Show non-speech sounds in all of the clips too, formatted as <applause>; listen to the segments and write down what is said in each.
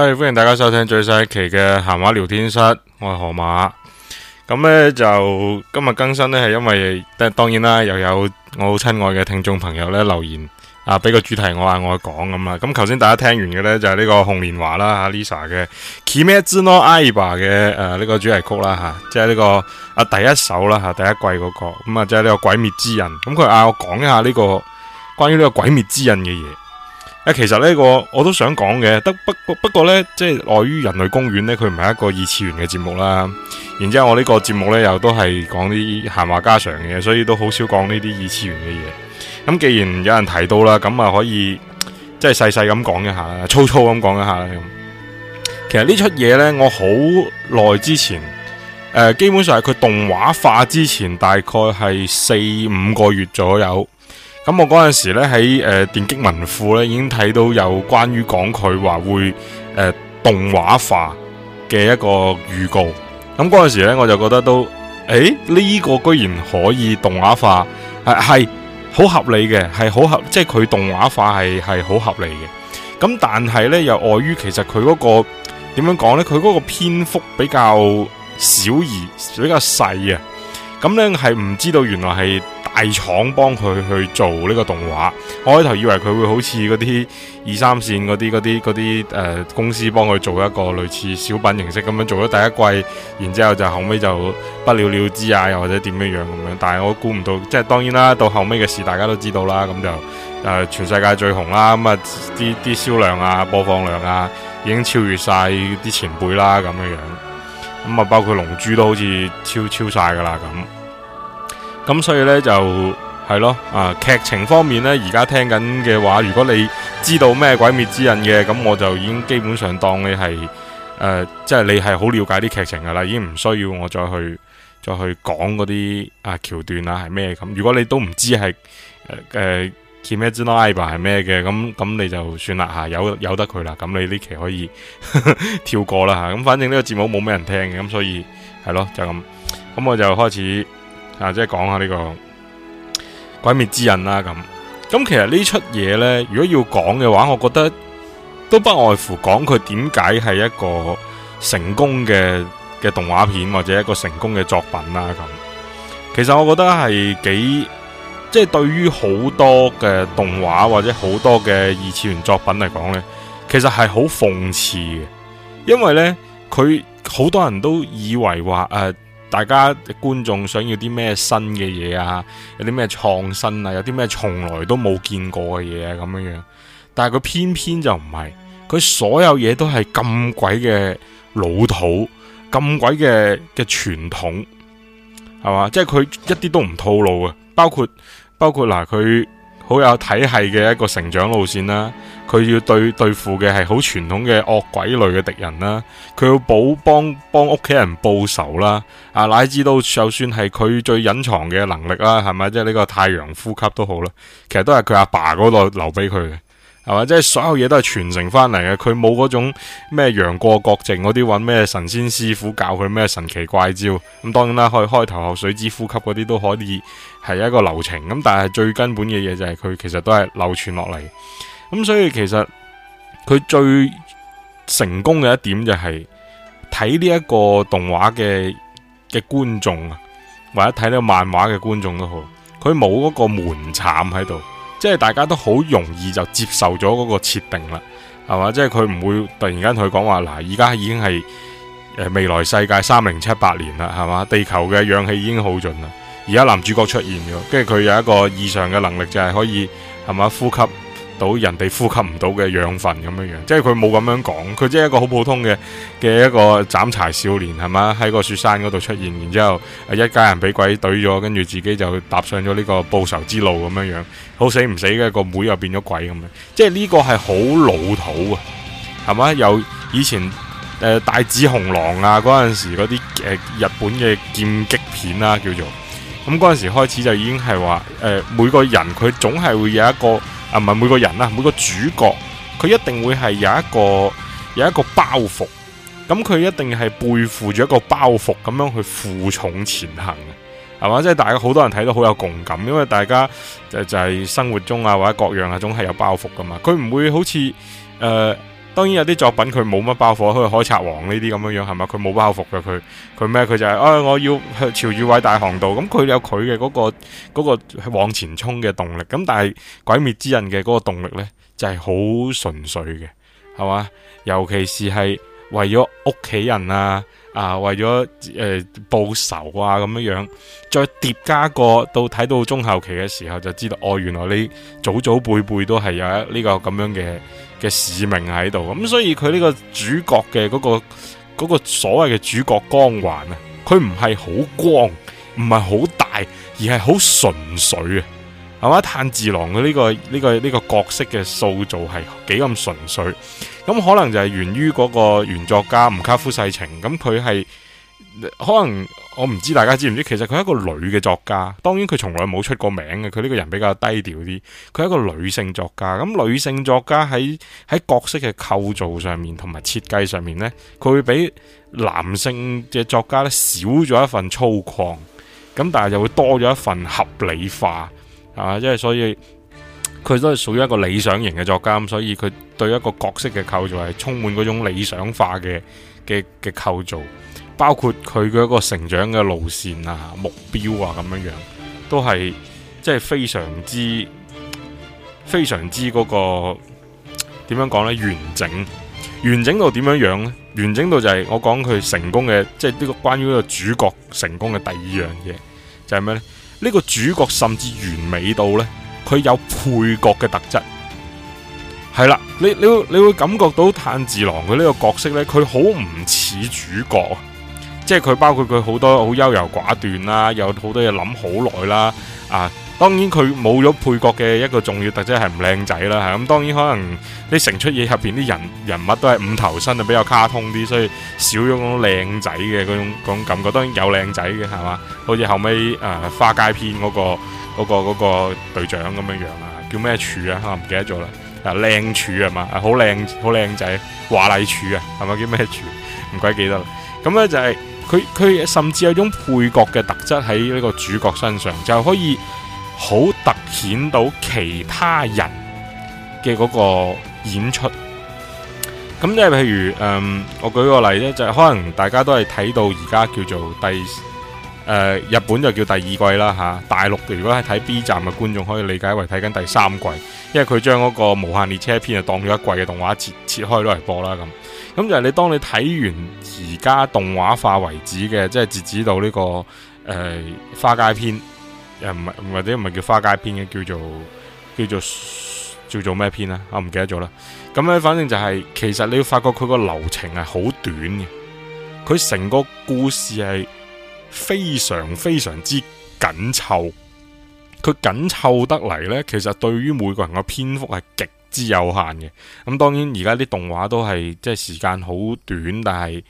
係歡迎大家收聽最新一期嘅閒話聊天室，我係河馬。咁呢就今日更新呢，係因為，但當然啦，又有，有我好親愛嘅聽眾朋友呢留言啊，俾個主題我嗌我講咁啊。咁頭先大家聽完嘅呢，就係呢個紅蓮華啦，Lisa 嘅 Kimetsu no Yaiba 嘅誒呢個主題曲啦吓，啊，即係呢個啊第一首啦吓，啊，第一季嗰個咁啊，即係呢個鬼滅之刃。咁佢嗌我講一下呢個關於呢個鬼滅之刃嘅嘢。誒，其實呢個我都想講嘅，得不不不，不過呢即係礙於人類公園呢，佢唔係一個二次元嘅節目啦。然之後我呢個節目呢，又都係講啲閒話家常嘅，所以都好少講呢啲二次元嘅嘢。咁既然有人提到啦，咁啊可以即係細細咁講一下啦，粗粗咁講一下啦。咁其實呢出嘢呢，我好耐之前，呃，基本上係佢動畫化之前，大概係四五個月左右。咁我嗰陣時咧喺，誒電擊文庫咧已經睇到有關於講佢話會誒、呃、動畫化嘅一個預告。咁嗰陣時咧我就覺得都誒呢、欸這個居然可以動畫化，係係好合理嘅，係好合即係佢動畫化係係好合理嘅。咁但係咧又礙於其實佢嗰、那個點樣講咧，佢嗰個篇幅比較小而比較細啊。咁咧係唔知道原來係。藝廠幫佢去做呢個動畫，我一開頭以為佢會好似嗰啲二三線嗰啲啲啲誒公司幫佢做一個類似小品形式咁樣做咗第一季，然之後就後尾就不了了之啊，又或者點樣樣咁樣，但係我估唔到，即係當然啦，到後尾嘅事大家都知道啦，咁就誒、呃、全世界最紅啦，咁啊啲啲銷量啊播放量啊已經超越晒啲前輩啦咁樣樣，咁啊包括龍珠都好似超超晒噶啦咁。咁咁所以呢，就係咯啊劇情方面呢，而家聽緊嘅話如果你知道咩鬼滅之刃嘅咁我就已經基本上當你係誒即係你係好了解啲劇情噶啦已經唔需要我再去再去講嗰啲啊橋段啊係咩咁如果你都唔知係誒誒 Kimetsu no Yaiba 係咩嘅咁咁你就算啦吓由由得佢啦咁你呢期可以 <laughs> 跳過啦吓咁反正呢個節目冇咩人聽嘅咁所以係咯就咁咁我就開始。啊，即係講下呢個《鬼滅之刃》啦，咁咁其實呢出嘢呢，如果要講嘅話，我覺得都不外乎講佢點解係一個成功嘅嘅動畫片或者一個成功嘅作品啦。咁其實我覺得係幾即係、就是、對於好多嘅動畫或者好多嘅二次元作品嚟講，呢其實係好諷刺嘅，因為呢，佢好多人都以為話誒。呃大家觀眾想要啲咩新嘅嘢啊？有啲咩創新啊？有啲咩從來都冇見過嘅嘢啊？咁樣樣，但係佢偏偏就唔係，佢所有嘢都係咁鬼嘅老土，咁鬼嘅嘅傳統，係嘛？即係佢一啲都唔套路啊！包括包括嗱、啊，佢好有體系嘅一個成長路線啦、啊。佢要對對付嘅係好傳統嘅惡鬼類嘅敵人啦，佢要保幫幫屋企人報仇啦，啊乃至到就算係佢最隱藏嘅能力啦，係咪即係呢個太陽呼吸都好啦？其實都係佢阿爸嗰度留俾佢嘅，係咪？即係所有嘢都係傳承翻嚟嘅，佢冇嗰種咩楊過郭靖嗰啲揾咩神仙師傅教佢咩神奇怪招咁，當然啦，可以開頭學水之呼吸嗰啲都可以係一個流程咁，但係最根本嘅嘢就係佢其實都係流傳落嚟。咁、嗯、所以其實佢最成功嘅一點就係睇呢一個動畫嘅嘅觀眾啊，或者睇到漫畫嘅觀眾都好，佢冇嗰個門檻喺度，即係大家都好容易就接受咗嗰個設定啦，係嘛？即係佢唔會突然間同佢講話嗱，而、啊、家已經係誒未來世界三零七八年啦，係嘛？地球嘅氧氣已經耗盡啦，而家男主角出現咗，跟住佢有一個異常嘅能力就係、是、可以係嘛呼吸。到人哋呼吸唔到嘅養分咁樣樣，即係佢冇咁樣講，佢即係一個好普通嘅嘅一個斬柴少年係嘛？喺個雪山嗰度出現，然之後一家人俾鬼懟咗，跟住自己就踏上咗呢個報仇之路咁樣樣，好死唔死嘅個妹，妹又變咗鬼咁樣，即係呢個係好老土啊，係嘛？有以前誒、呃、大紫紅狼啊，嗰陣時嗰啲誒日本嘅劍擊片啦、啊，叫做咁嗰陣時開始就已經係話誒每個人佢總係會有一個。啊，唔係每個人啦、啊，每個主角佢一定會係有一個有一個包袱，咁佢一定係背負住一個包袱咁樣去負重前行嘅，係嘛？即、就、係、是、大家好多人睇到好有共感，因為大家就就係生活中啊或者各樣啊，總係有包袱噶嘛，佢唔會好似誒。呃當然有啲作品佢冇乜包袱，好似《海賊王》呢啲咁樣樣係嘛？佢冇包袱嘅佢佢咩？佢就係、是、啊、哎，我要去朝住偉大航道。咁佢有佢嘅嗰個嗰、那個、往前衝嘅動力。咁但係《鬼滅之刃》嘅嗰個動力呢，就係、是、好純粹嘅，係嘛？尤其是係為咗屋企人啊啊，為咗誒、呃、報仇啊咁樣樣，再疊加過到睇到中後期嘅時候就知道，哦，原來你祖祖輩輩都係有一呢個咁樣嘅。嘅使命喺度，咁所以佢呢個主角嘅嗰個嗰個所謂嘅主角光環啊，佢唔係好光，唔係好大，而係好純粹啊，係嘛？炭治郎嘅呢個呢個呢個角色嘅塑造係幾咁純粹，咁可能就係源於嗰個原作家吳卡夫世情，咁佢係。可能我唔知大家知唔知，其實佢係一個女嘅作家。當然佢從來冇出過名嘅，佢呢個人比較低調啲。佢係一個女性作家，咁女性作家喺喺角色嘅構造上面同埋設計上面呢，佢會比男性嘅作家咧少咗一份粗獷，咁但係就會多咗一份合理化，啊，即係所以佢都係屬於一個理想型嘅作家，咁所以佢對一個角色嘅構造係充滿嗰種理想化嘅。嘅嘅構造，包括佢嘅一個成長嘅路線啊、目標啊咁樣樣，都係即係非常之非常之嗰個點樣講呢？完整，完整到點樣樣呢？完整到就係我講佢成功嘅，即係呢個關於呢個主角成功嘅第二樣嘢，就係咩呢？呢個主角甚至完美到呢，佢有配角嘅特質。係啦，你你會你會感覺到炭治郎佢呢個角色呢，佢好唔似主角，即係佢包括佢好多好優柔寡斷啦，有好多嘢諗好耐啦。啊，當然佢冇咗配角嘅一個重要特徵係唔靚仔啦。咁、就是啊、當然可能你成出嘢入邊啲人人物都係五頭身啊，比較卡通啲，所以少咗嗰種靚仔嘅嗰種種感覺。當然有靚仔嘅係嘛，好似後尾、啊《花街篇、那個》嗰、嗰個嗰、嗰個嗰、嗰個隊長咁樣樣啦，叫咩柱啊？可能唔記得咗啦。啊，靚柱係嘛，好靚好靚仔，華麗柱啊，係咪叫咩柱？唔鬼記得啦。咁咧就係佢佢甚至有種配角嘅特質喺呢個主角身上，就可以好凸顯到其他人嘅嗰個演出。咁即係譬如誒、嗯，我舉個例咧，就係、可能大家都係睇到而家叫做第。呃、日本就叫第二季啦吓，啊，大陸如果係睇 B 站嘅觀眾可以理解為睇緊第三季，因為佢將嗰個無限列車篇就當咗一季嘅動畫切切開攞嚟播啦，咁，咁就係你當你睇完而家動畫化為止嘅，即係截止到呢、這個誒、呃、花街篇，誒唔係或者唔係叫花街篇嘅，叫做叫做叫做咩篇啦，啊唔記得咗啦，咁咧反正就係、是、其實你會發覺佢個流程係好短嘅，佢成個故事係。非常非常之緊湊，佢緊湊得嚟呢，其實對於每個人嘅篇幅係極之有限嘅。咁當然而家啲動畫都係即係時間好短，但係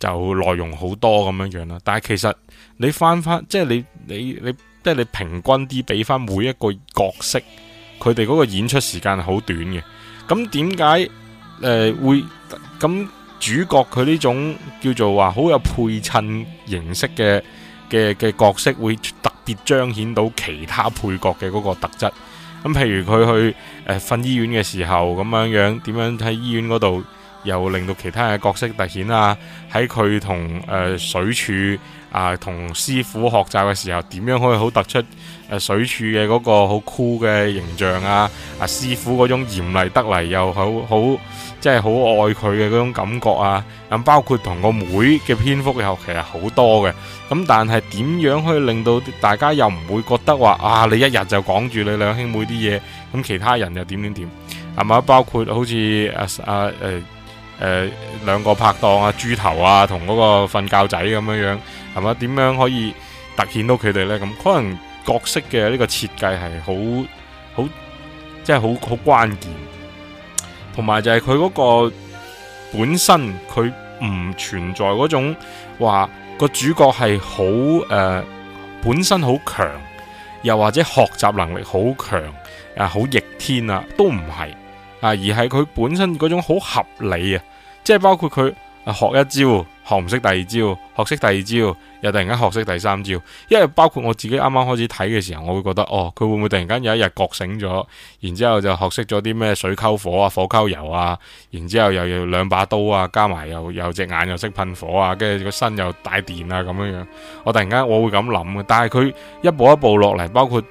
就內容好多咁樣樣啦。但係其實你翻翻即係你你你你，即係你平均啲，俾翻每一個角色，佢哋嗰個演出時間係好短嘅。咁點解誒會咁？主角佢呢種叫做話好有配襯形式嘅嘅嘅角色，會特別彰顯到其他配角嘅嗰個特質。咁譬如佢去誒瞓、呃、醫院嘅時候咁樣樣，點樣喺醫院嗰度又令到其他人嘅角色突顯啊？喺佢同誒水柱啊同、呃、師傅學習嘅時候，點樣可以好突出？水柱嘅嗰個好酷嘅形象啊！阿師傅嗰種嚴厲得嚟又好好，即係好愛佢嘅嗰種感覺啊！咁包括同個妹嘅篇幅又其實好多嘅，咁但係點樣去令到大家又唔會覺得話啊？你一日就講住你兩兄妹啲嘢，咁其他人又點點點係嘛？包括好似阿阿誒誒兩個拍檔啊，豬頭啊，同嗰個瞓覺仔咁樣樣係嘛？點樣可以凸顯到佢哋呢？」咁可能。角色嘅呢個設計係好好，即係好好關鍵，同埋就係佢嗰個本身佢唔存在嗰種話個主角係好誒，本身好強，又或者學習能力好強啊，好逆天啊，都唔係啊，而係佢本身嗰種好合理啊，即係包括佢學一招。學唔識第二招，學識第二招，又突然間學識第三招，因為包括我自己啱啱開始睇嘅時候，我會覺得哦，佢會唔會突然間有一日覺醒咗，然之後就學識咗啲咩水溝火啊，火溝油啊，然之後又有兩把刀啊，加埋又又隻眼又識噴火啊，跟住個身又帶電啊咁樣樣，我突然間我會咁諗嘅，但係佢一步一步落嚟，包括。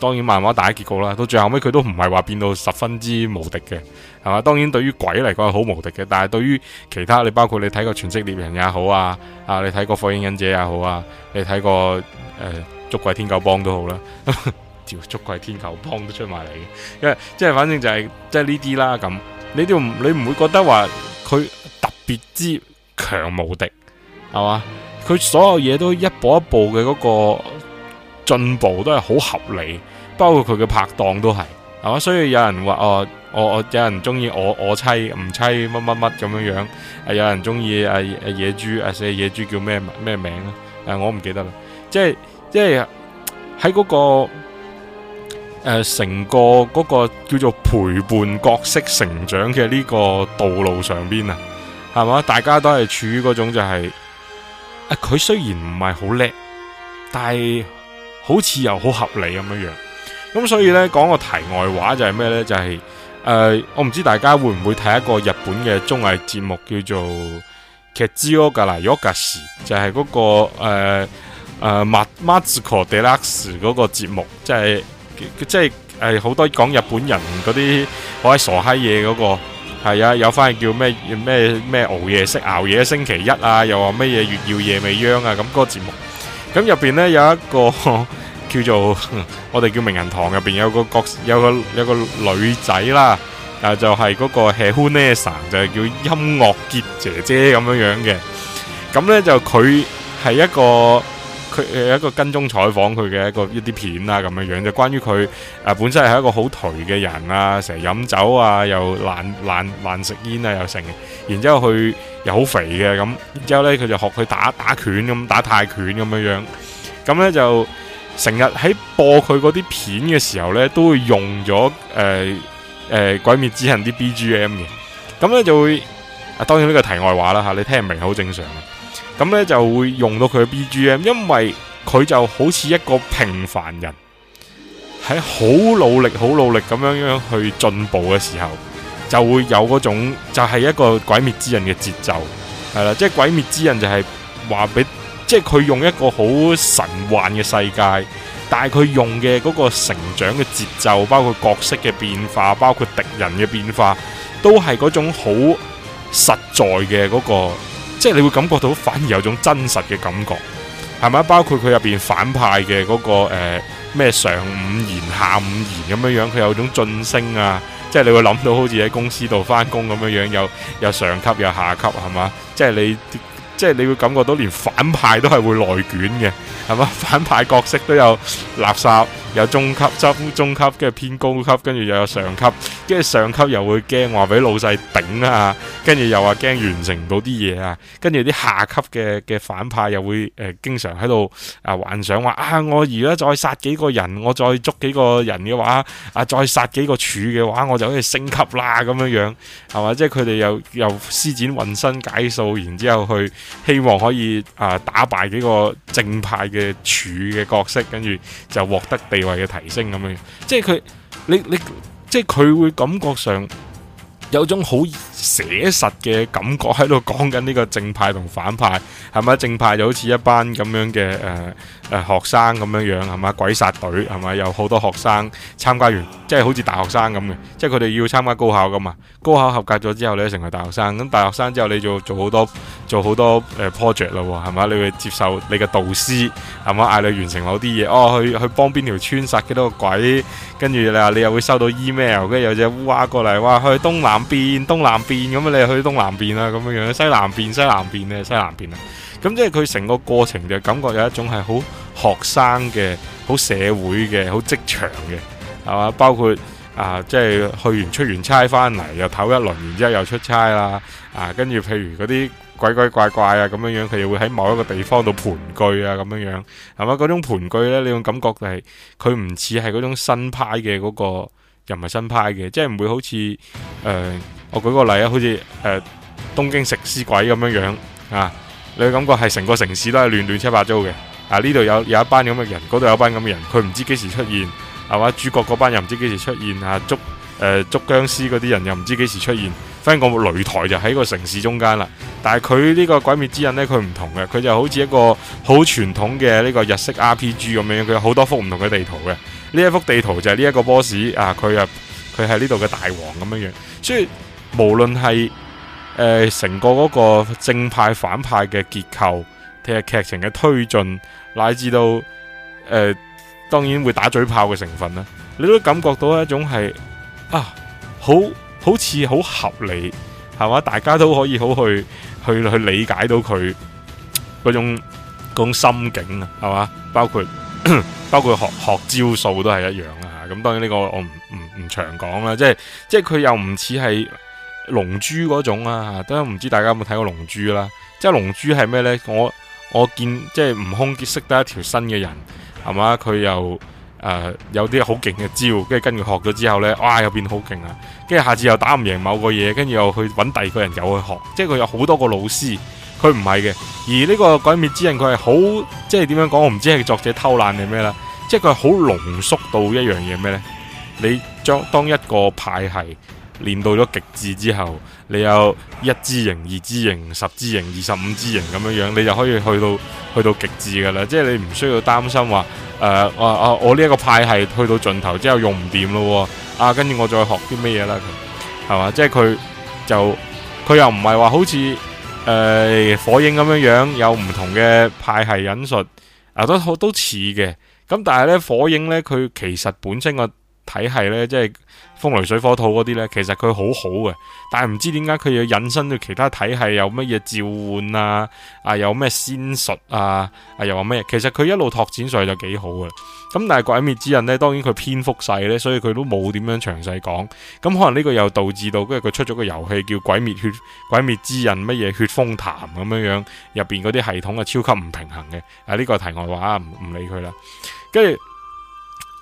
當然漫畫大結局啦，到最後尾，佢都唔係話變到十分之無敵嘅，係嘛？當然對於鬼嚟講係好無敵嘅，但係對於其他你包括你睇過全職獵人也好啊，啊你睇過火影忍者也好啊，你睇過誒捉鬼天狗幫都好啦，條捉鬼天狗幫都出埋嚟嘅，因為即係反正就係即係呢啲啦咁，你都你唔會覺得話佢特別之強無敵，係嘛？佢所有嘢都一步一步嘅嗰，那個。進步都係好合理，包括佢嘅拍檔都係，係嘛？所以有人話哦，我我有人中意我我妻唔妻乜乜乜咁樣樣，有人中意野豬，誒、啊啊，野豬、啊、叫咩咩名、啊、我唔記得啦。即係即係喺嗰個誒成、呃、個嗰個叫做陪伴角色成長嘅呢個道路上邊啊，係嘛？大家都係處於嗰種就係、係，佢、啊、雖然唔係好叻，但係。好似又好合理咁樣樣，咁所以咧講個題外話就係咩咧？就係、是、誒、呃，我唔知大家會唔會睇一個日本嘅綜藝節目叫做《月曜から夜ふかし》，就係、是、嗰、那個誒誒《マツコ・デラックス》嗰、呃那個節目，即係即係好、呃、多講日本人嗰啲我係傻閪嘢嗰個，係啊有翻叫咩咩咩熬夜識熬夜星期一啊，又話咩嘢月曜夜未央啊，咁嗰個節目。咁入邊咧有一個叫做我哋叫名人堂入邊有個角有個有個女仔啦，但就係、是、嗰個 Helena 就係叫音樂杰姐姐咁樣樣嘅，咁咧就佢係一個。佢有一個跟蹤採訪佢嘅一個一啲片啊，咁樣樣就關於佢誒，本身係一個好頹嘅人啊，成日飲酒啊，又爛爛爛食煙啊，又成，然之後佢又好肥嘅咁，之後呢，佢就學佢打打拳咁，打泰拳咁樣樣，咁呢就成日喺播佢嗰啲片嘅時候呢，都會用咗誒誒《鬼滅之刃》啲 BGM 嘅，咁呢就會啊，當然呢個題外話啦吓，你聽唔明好正常。咁咧就會用到佢嘅 BGM，因為佢就好似一個平凡人喺好努力、好努力咁樣樣去進步嘅時候，就會有嗰種就係一個鬼滅之刃嘅節奏，係啦，即係鬼滅之刃就係話俾，即係佢用一個好神幻嘅世界，但係佢用嘅嗰個成長嘅節奏，包括角色嘅變化，包括敵人嘅變化，都係嗰種好實在嘅嗰個。即係你會感覺到反而有種真實嘅感覺，係咪？包括佢入邊反派嘅嗰、那個誒咩、呃、上弦下弦咁樣樣，佢有種晉升啊！即係你會諗到好似喺公司度翻工，咁樣樣，有上級有下級，係嘛？即係你。即係你會感覺到連反派都係會內卷嘅，係嘛？反派角色都有垃圾，有中級、中中級跟住偏高級，跟住又有上級，跟住上級又會驚話俾老細頂啊，跟住又話驚完成唔到啲嘢啊，跟住啲下級嘅嘅反派又會誒、呃、經常喺度啊幻想話啊我如果再殺幾個人，我再捉幾個人嘅話，啊再殺幾個柱嘅話，我就可以升級啦咁樣樣，係嘛？即係佢哋又又施展渾身解數，然之後去。希望可以啊、呃、打敗幾個正派嘅柱嘅角色，跟住就獲得地位嘅提升咁樣，即係佢你你即係佢會感覺上。有種好寫實嘅感覺喺度講緊呢個正派同反派，係咪？正派就好似一班咁樣嘅誒誒學生咁樣樣，係咪？鬼殺隊，係咪？有好多學生參加完，即係好似大學生咁嘅，即係佢哋要參加高考噶嘛？高考合格咗之後呢，你成為大學生，咁大學生之後你做做好多做好多誒 project 咯，係咪？你會接受你嘅導師，係咪？嗌你完成某啲嘢，哦，去去幫邊條村殺幾多個鬼。跟住你你又會收到 email，跟住有隻烏鴉過嚟，哇！去東南邊，東南邊咁你去東南邊啦，咁樣樣，西南邊，西南邊西南邊啦。咁即係佢成個過程嘅感覺，有一種係好學生嘅，好社會嘅，好職場嘅，係嘛？包括啊，即係去完出完差翻嚟又唞一輪，然之後又出差啦，啊，跟住譬如嗰啲。鬼鬼怪怪啊，咁樣樣佢又會喺某一個地方度盤踞啊，咁樣樣係嘛？嗰種盤踞呢，你個感覺就係佢唔似係嗰種新派嘅嗰個，又唔係新派嘅，即係唔會好似誒、呃，我舉個例啊，好似誒、呃、東京食屍鬼咁樣樣啊，你會感覺係成個城市都係亂亂七八糟嘅。啊，呢度有有一班咁嘅人，嗰度有一班咁嘅人，佢唔知幾時出現，係嘛？主角嗰班又唔知幾時出現啊，捉誒捉殭屍嗰啲人又唔知幾時出現。啊嗰個擂台就喺個城市中間啦，但係佢呢個《鬼滅之刃》呢，佢唔同嘅，佢就好似一個好傳統嘅呢個日式 RPG 咁樣，佢有好多幅唔同嘅地圖嘅。呢一幅地圖就係呢一個 boss 啊，佢啊，佢係呢度嘅大王咁樣樣。所以無論係誒成個嗰個正派反派嘅結構，定係劇情嘅推進，乃至到誒、呃，當然會打嘴炮嘅成分啦，你都感覺到一種係啊好。好似好合理，係嘛？大家都可以好去去去理解到佢嗰種嗰種心境啊，係嘛？包括包括學學招數都係一樣啦，咁。當然呢個我唔唔唔長講啦，即係即係佢又唔似係龍珠嗰種啊，都唔知大家有冇睇過龍珠啦。即係龍珠係咩呢？我我見即係悟空認識得一條新嘅人，係嘛？佢又。誒、呃，有啲好勁嘅招，跟住跟住學咗之後呢，哇又變好勁啊！跟住下次又打唔贏某個嘢，跟住又去揾第二個人又去學，即係佢有好多個老師，佢唔係嘅。而呢、這個鬼滅之刃，佢係好即係點樣講？我唔知係作者偷懶定咩啦。即係佢係好濃縮到一樣嘢咩呢？你將當一個派系。練到咗極致之後，你有一之型、二之型、十之型、二十五之型咁樣樣，你就可以去到去到極致噶啦。即係你唔需要擔心話，誒、呃，啊、呃、啊、呃，我呢一個派系去到盡頭之後用唔掂咯，啊，跟住我再學啲咩嘢啦，係嘛？即係佢就佢又唔係話好似誒、呃、火影咁樣樣，有唔同嘅派系忍術，啊、呃、都都都似嘅。咁但係呢，火影呢，佢其實本身個。體系呢，即係風雷水火土嗰啲呢，其實佢好好嘅，但係唔知點解佢要引申到其他體系有乜嘢召喚啊，啊有咩仙術啊，啊又話咩？其實佢一路拓展上去就幾好嘅，咁但係鬼滅之刃呢，當然佢篇幅細呢，所以佢都冇點樣詳細講，咁可能呢個又導致到，跟住佢出咗個遊戲叫《鬼滅血鬼滅之刃》乜嘢血風潭咁樣樣，入邊嗰啲系統啊超級唔平衡嘅，啊、這、呢個題外話唔唔理佢啦，跟住。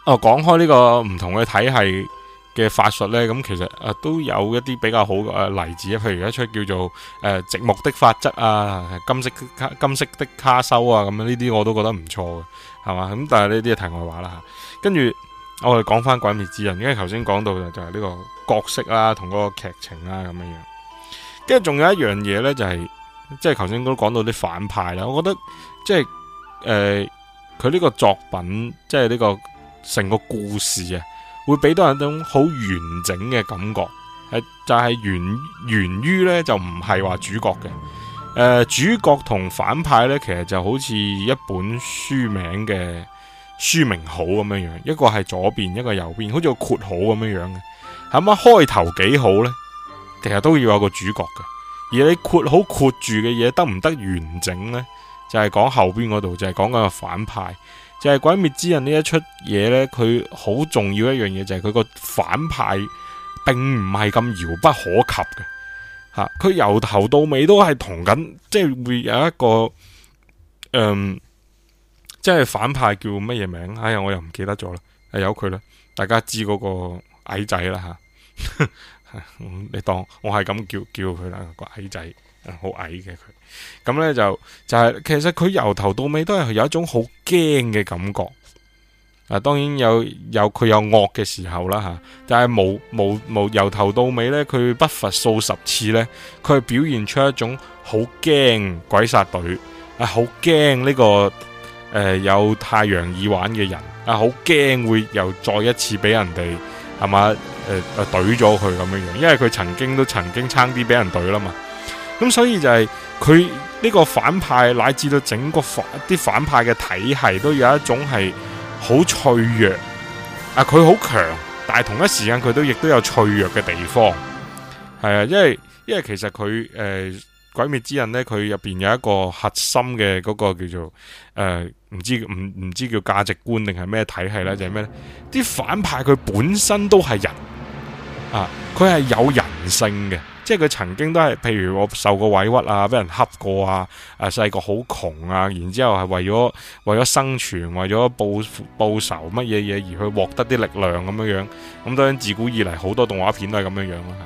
哦，講開呢個唔同嘅體系嘅法術呢，咁其實誒、呃、都有一啲比較好嘅、呃、例子，譬如一出叫做誒植木的法則啊，金色卡金色的卡修啊，咁樣呢啲我都覺得唔錯嘅，係嘛？咁但係呢啲係題外話啦吓。跟、啊、住我哋講翻《鬼滅之刃》，因為頭先講到就係呢個角色啦、啊，同嗰個劇情啦咁樣樣。跟住仲有一樣嘢呢，就係即係頭先都講到啲反派啦、啊。我覺得即係佢呢個作品，即係呢個。成個故事啊，會俾到人一種好完整嘅感覺，係就係、是、源源於呢，就唔係話主角嘅，誒、呃、主角同反派呢，其實就好似一本書名嘅書名號咁樣樣，一個係左邊，一個右邊，好似個括號咁樣樣嘅，咁咪開頭幾好呢，其實都要有個主角嘅，而你括好括住嘅嘢得唔得完整呢？就係、是、講後邊嗰度，就係講緊個反派。就係、是《鬼滅之刃》呢一出嘢呢，佢好重要的一樣嘢就係佢個反派並唔係咁遙不可及嘅，吓佢由頭到尾都係同緊，即、就、係、是、會有一個，即、嗯、係、就是、反派叫乜嘢名？哎呀，我又唔記得咗啦，由佢啦，大家知嗰個矮仔啦吓，你當我係咁叫叫佢啦，個矮仔。好矮嘅佢，咁呢就就係、是、其實佢由頭到尾都係有一種好驚嘅感覺。啊，當然有有佢有惡嘅時候啦吓、啊，但係無無無由頭到尾呢，佢不乏數十次呢，佢表現出一種好驚鬼殺隊啊，好驚呢個誒、呃、有太陽耳環嘅人啊，好驚會又再一次俾人哋係嘛誒懟咗佢咁樣樣，因為佢曾經都曾經差啲俾人懟啦嘛。咁所以就係佢呢個反派，乃至到整個反啲反派嘅體系，都有一種係好脆弱。啊，佢好強，但係同一時間佢都亦都有脆弱嘅地方。係啊，因為因為其實佢誒、呃《鬼滅之刃》呢，佢入邊有一個核心嘅嗰個叫做誒唔、呃、知唔唔知叫價值觀定係咩體系、就係、呢？就係咩呢？啲反派，佢本身都係人啊，佢係有人性嘅。即係佢曾經都係，譬如我受過委屈啊，俾人恰過啊，啊細個好窮啊，然之後係為咗為咗生存，為咗報報仇乜嘢嘢而去獲得啲力量咁樣樣。咁當然自古以嚟好多動畫片都係咁樣樣啦。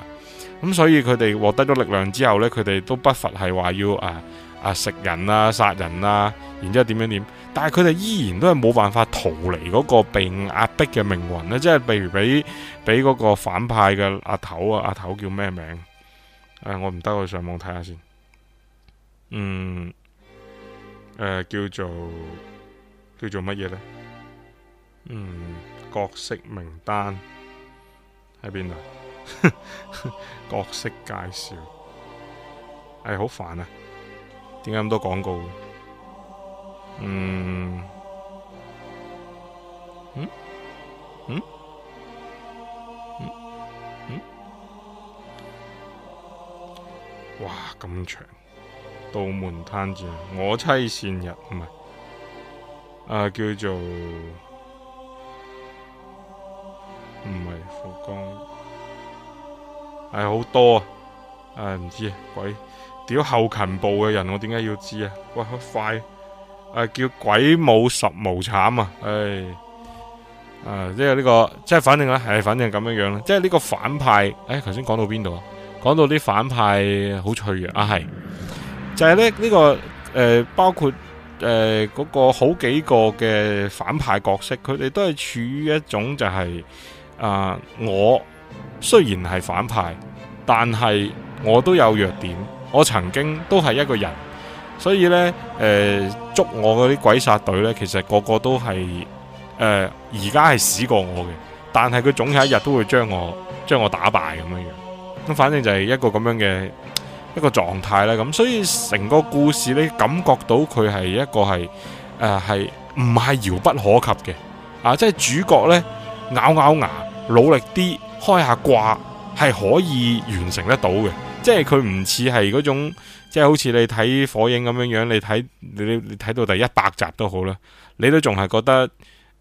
咁、嗯、所以佢哋獲得咗力量之後呢，佢哋都不乏係話要啊啊食人啊殺人啊，然之後點樣點？但係佢哋依然都係冇辦法逃離嗰個被壓迫嘅命運呢。即係譬如俾俾嗰個反派嘅阿、啊、頭啊，阿頭叫咩名？呃、我唔得，我上網睇下先。嗯，呃、叫做叫做乜嘢呢？嗯，角色名單喺邊度？ <laughs> 角色介紹係好煩啊！點解咁多廣告啊？嗯，嗯，嗯。哇，咁長，道門攤戰，我妻善逸，唔係，誒、呃、叫做唔係福光，係好多，誒、呃、唔知啊鬼屌後勤部嘅人，我點解要知、呃呃、啊？哇好快，誒叫鬼舞辻無慘啊，誒、這個，誒即係呢個即係反正啦，誒反正咁樣樣啦，即係呢個反派，誒頭先講到邊度啊？講到啲反派好脆弱啊，係就係、是、呢呢、呢個誒、呃，包括誒嗰、呃那個好幾個嘅反派角色，佢哋都係處於一種就係、是、啊、呃，我雖然係反派，但係我都有弱點，我曾經都係一個人，所以呢誒、呃、捉我嗰啲鬼殺隊呢，其實個個都係誒而家係屎過我嘅，但係佢總有一日都會將我將我打敗咁樣樣。反正就係一個咁樣嘅一個狀態啦。咁所以成個故事，你感覺到佢係一個係誒，係唔係遙不可及嘅啊？即係主角呢，咬咬牙，努力啲開下掛，係可以完成得到嘅。即係佢唔似係嗰種，即係好似你睇《火影》咁樣樣，你睇你你睇到第一百集都好啦，你都仲係覺得誒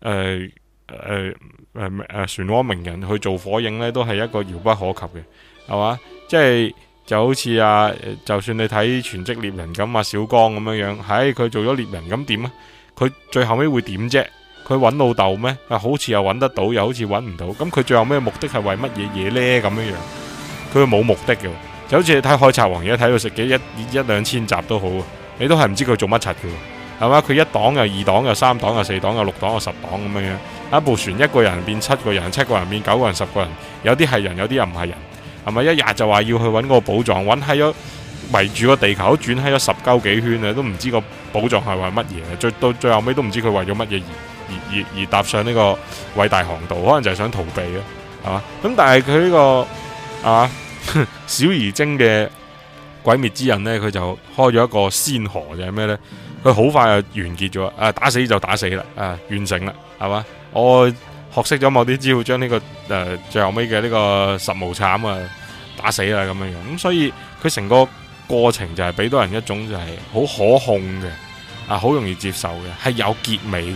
誒誒誒，漩渦鳴人去做《火影》呢，都係一個遙不可及嘅。係嘛，即係就好似啊，就算你睇全職獵人咁啊，小光咁樣樣，喺、哎、佢做咗獵人咁點啊？佢最後尾會點啫？佢揾老豆咩？啊，好似又揾得到，又好似揾唔到。咁佢最後尾目的係為乜嘢嘢呢？咁樣樣，佢冇目的嘅，就好似你睇《海賊王》而家睇到食幾一一兩千集都好，你都係唔知佢做乜柒嘅，係嘛？佢一檔又二檔又三檔又四檔又六檔又十檔咁樣樣，一部船一個人變七個人，七個人變九個人，十個人，有啲係人，有啲又唔係人。係咪一日就話要去揾個寶藏？揾喺咗圍住個地球轉喺咗十鳩幾圈啊，都唔知個寶藏係為乜嘢？最到最後尾都唔知佢為咗乜嘢而而，而，而踏上呢個偉大航道，可能就係想逃避、這個、啊，係嘛？咁但係佢呢個啊小而精嘅鬼滅之刃呢，佢就開咗一個先河，就係咩呢？佢好快就完結咗啊！打死就打死啦，啊，完成啦，係嘛？我。學識咗某啲招，將呢、這個誒、呃、最後尾嘅呢個十無慘啊打死啦咁樣樣，咁、嗯、所以佢成個過程就係俾到人一種就係好可控嘅，啊好容易接受嘅，係有結尾嘅。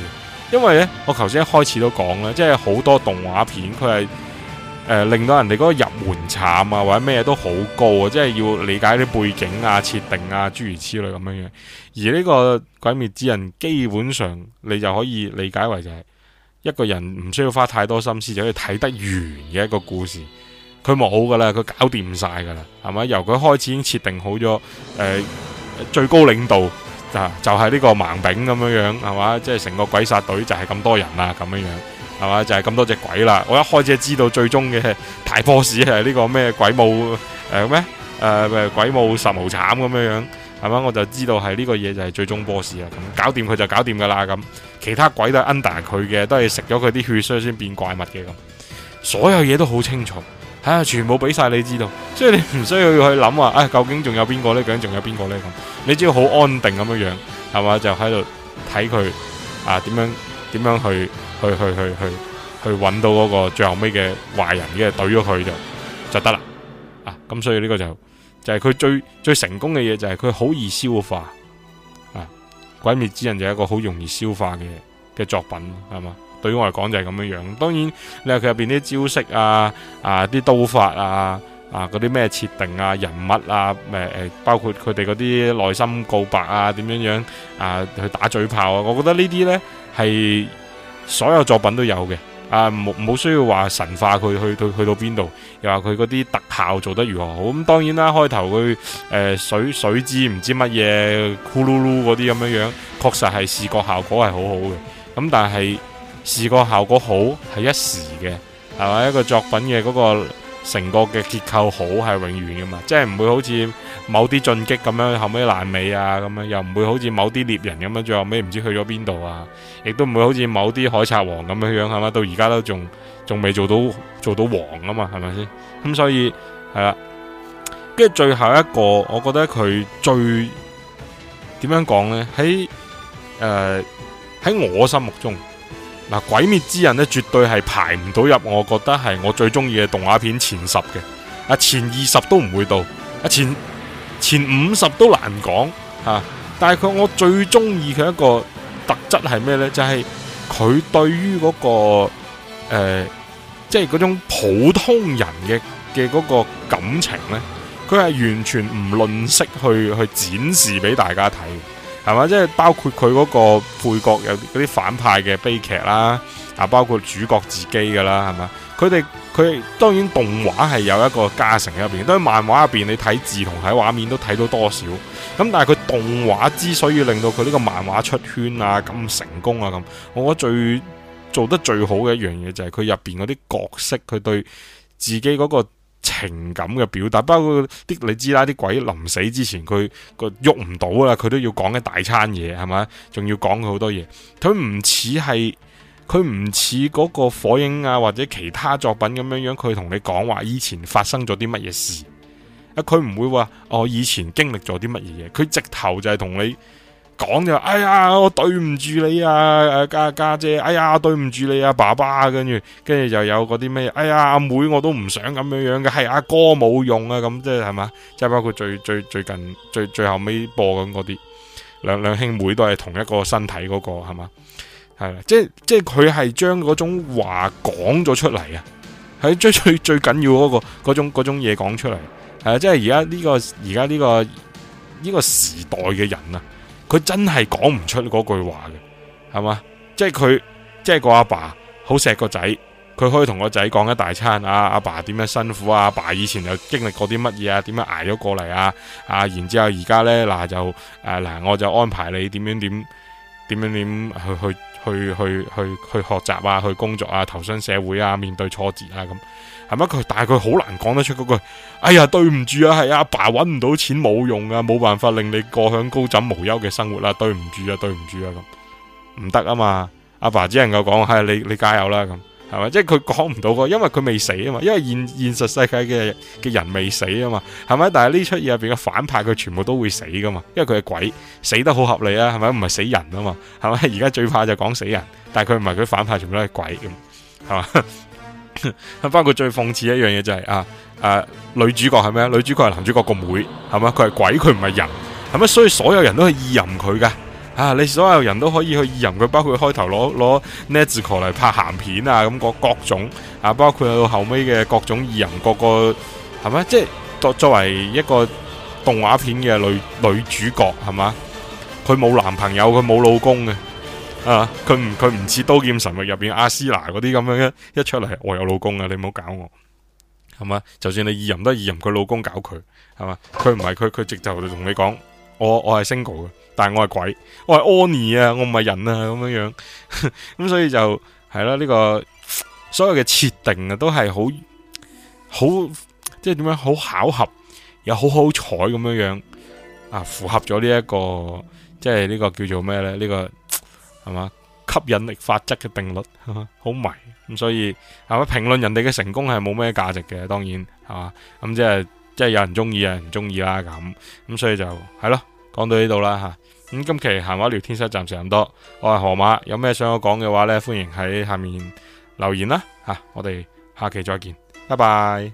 因為呢，我頭先一開始都講啦，即係好多動畫片佢係、呃、令到人哋嗰個入門慘啊或者咩都好高啊，即、就、係、是、要理解啲背景啊設定啊諸如此類咁樣樣。而呢、這個鬼滅之刃基本上你就可以理解為就係、是一個人唔需要花太多心思就可以睇得完嘅一個故事，佢冇噶啦，佢搞掂晒噶啦，係嘛？由佢開始已經設定好咗，誒、呃，最高領導就就係呢個盲炳咁樣樣，係嘛？即係成個鬼殺隊就係咁多人啦，咁樣樣，係嘛？就係、是、咁多隻鬼啦。我一開始就知道最終嘅大 boss 係呢個咩鬼舞誒咩誒鬼舞辻無慘咁樣樣，係嘛？我就知道係呢個嘢就係最終 boss 啊，咁搞掂佢就搞掂噶啦咁。其他鬼都係 under 佢嘅，都係食咗佢啲血所以先變怪物嘅咁，所有嘢都好清楚，睇、啊、下全部俾晒你知道，即係你唔需要去諗話，啊究竟仲有邊個呢？究竟仲有邊個呢？咁你只要好安定咁樣樣就在裡看他、啊、怎樣，係嘛？就喺度睇佢啊，點樣點樣去去去去去去揾到嗰個最後尾嘅壞人，跟住懟咗佢就就得啦。啊，咁所以呢個就就係、是、佢最最成功嘅嘢，就係佢好易消化。《鬼滅之刃》就係、是、一個好容易消化嘅嘅作品，係嘛？對於我嚟講就係咁樣樣。當然，你話佢入邊啲招式啊、啊啲刀法啊、啊嗰啲咩設定啊、人物啊、誒誒，包括佢哋嗰啲內心告白啊、點樣樣啊，啊去打嘴炮啊，我覺得這些呢啲呢係所有作品都有嘅。啊，冇冇需要話神化佢去去去到邊度，又話佢嗰啲特效做得如何好咁？當然啦，開頭佢誒、呃、水水之唔知乜嘢，咕嚕嚕嗰啲咁樣樣，確實係視覺效果係好好嘅。咁但係視覺效果好係一時嘅，係咪？一個作品嘅嗰、嗰個。成個嘅結構好係永遠噶嘛，即係唔會好似某啲進擊咁樣後尾爛尾啊樣，咁樣又唔會好似某啲獵人咁樣最後尾唔知去咗邊度啊，亦都唔會好似某啲海賊王咁樣樣係嘛，到而家都仲仲未做到做到王啊嘛，係咪先？咁所以係啦，跟住最後一個，我覺得佢最點樣講呢？喺誒喺我心目中。嗱，鬼滅之刃咧，絕對係排唔到入，我覺得係我最中意嘅動畫片前十嘅，啊前二十都唔會到，啊前前五十都難講，啊、但係佢，我最中意佢一個特質係咩呢？就係、是、佢對於嗰、那個誒，即、呃、係、就是、種普通人嘅嘅個感情咧，佢係完全唔論色去去展示俾大家睇。係嘛，即係包括佢嗰個配角有啲反派嘅悲劇啦，啊，包括主角自己噶啦，係嘛，佢哋佢當然動畫係有一個加成喺入邊，當然漫畫入邊你睇字同睇畫面都睇到多少，咁但係佢動畫之所以令到佢呢個漫畫出圈啊咁成功啊咁，我覺得最做得最好嘅一樣嘢就係佢入邊嗰啲角色佢對自己嗰個。情感嘅表達，包括啲你知啦，啲鬼臨死之前佢個喐唔到啦，佢都要講一大餐嘢，係咪？仲要講佢好多嘢，佢唔似係佢唔似嗰個火影啊，或者其他作品咁樣樣，佢同你講話以前發生咗啲乜嘢事，佢唔會話我、哦、以前經歷咗啲乜嘢嘢，佢直頭就係同你。講就哎呀，我對唔住你啊，家家姐，哎呀，對唔住你啊，爸爸，跟住跟住就有嗰啲咩，哎呀，阿妹我都唔想咁樣樣嘅，係阿、啊、哥冇用啊，咁即係嘛，即係、就是、包括最最最近最最後尾播緊嗰啲兩兩兄妹都係同一個身體嗰、那個係嘛，係啦，即係即係佢係將嗰種話講咗出嚟啊，係最最最緊要嗰、那個嗰種嗰種嘢講出嚟，係啊，即係而家呢個而家呢個呢、這個時代嘅人啊。佢真係講唔出嗰句話嘅，係嘛？即係佢，即係個阿爸好錫個仔，佢可以同個仔講一大餐、啊。阿阿爸點樣辛苦啊？爸，爸以前又經歷過啲乜嘢啊？點樣挨咗過嚟啊？啊，然之後而家呢，嗱、啊、就誒嗱、啊，我就安排你點樣點點樣點去去去去去去，去學習啊，去工作啊，投身社會啊，面對挫折啊咁。係咪佢？但係佢好難講得出嗰句。哎呀，對唔住啊，係啊，阿爸揾唔到錢冇用啊，冇辦法令你過享高枕無憂嘅生活啦，對唔住啊，對唔住啊，咁唔得啊嘛。阿爸只能夠講，係啊，你你加油啦，咁係咪？即係佢講唔到個，因為佢未死啊嘛。因為現現實世界嘅嘅人未死啊嘛，係咪？但係呢出嘢入邊嘅反派，佢全部都會死噶嘛。因為佢係鬼，死得好合理啊，係咪？唔係死人啊嘛，係咪？而家最怕就講死人，但係佢唔係，佢反派全部都係鬼咁，係嘛。 <laughs> 咁包括最諷刺的一樣嘢就係、是、啊誒女主角係咩啊？女主角係男主角個妹係嘛？佢係鬼，佢唔係人係咩？所以所有人都去意淫佢噶啊！你所有人都可以去意淫佢，包括開頭攞攞 Nezuko 嚟拍鹹片啊，咁各各種啊，包括到後尾嘅各種意淫各個係咪？即係作作為一個動畫片嘅女女主角係嘛？佢冇男朋友佢冇老公嘅。啊！佢唔佢唔似刀劍神域入邊阿斯娜嗰啲咁樣一出嚟，我有老公啊！你唔好搞我，係嘛？就算你意淫都係意淫，佢老公搞佢，係嘛？佢唔係佢佢直頭就同你講，我我係 single 嘅，但係我係鬼，我係 oni 啊，我唔係人啊，咁樣樣咁，所以就係咯，呢個所有嘅設定啊，都係好好即係點樣好巧合，有好好彩咁樣樣啊，符合咗呢一個即係呢個叫做咩呢？呢、呢個。係嘛，吸引力法則嘅定律，好迷咁，所以係咪評論人哋嘅成功係冇咩價值嘅？當然係嘛，咁即係即係有人中意，有人唔中意啦咁，咁所以就係咯，講到呢度啦吓，咁今期閒話聊天室暫時咁多，我係河馬，有咩想我講嘅話呢？歡迎喺下面留言啦吓，我哋下期再見，拜拜。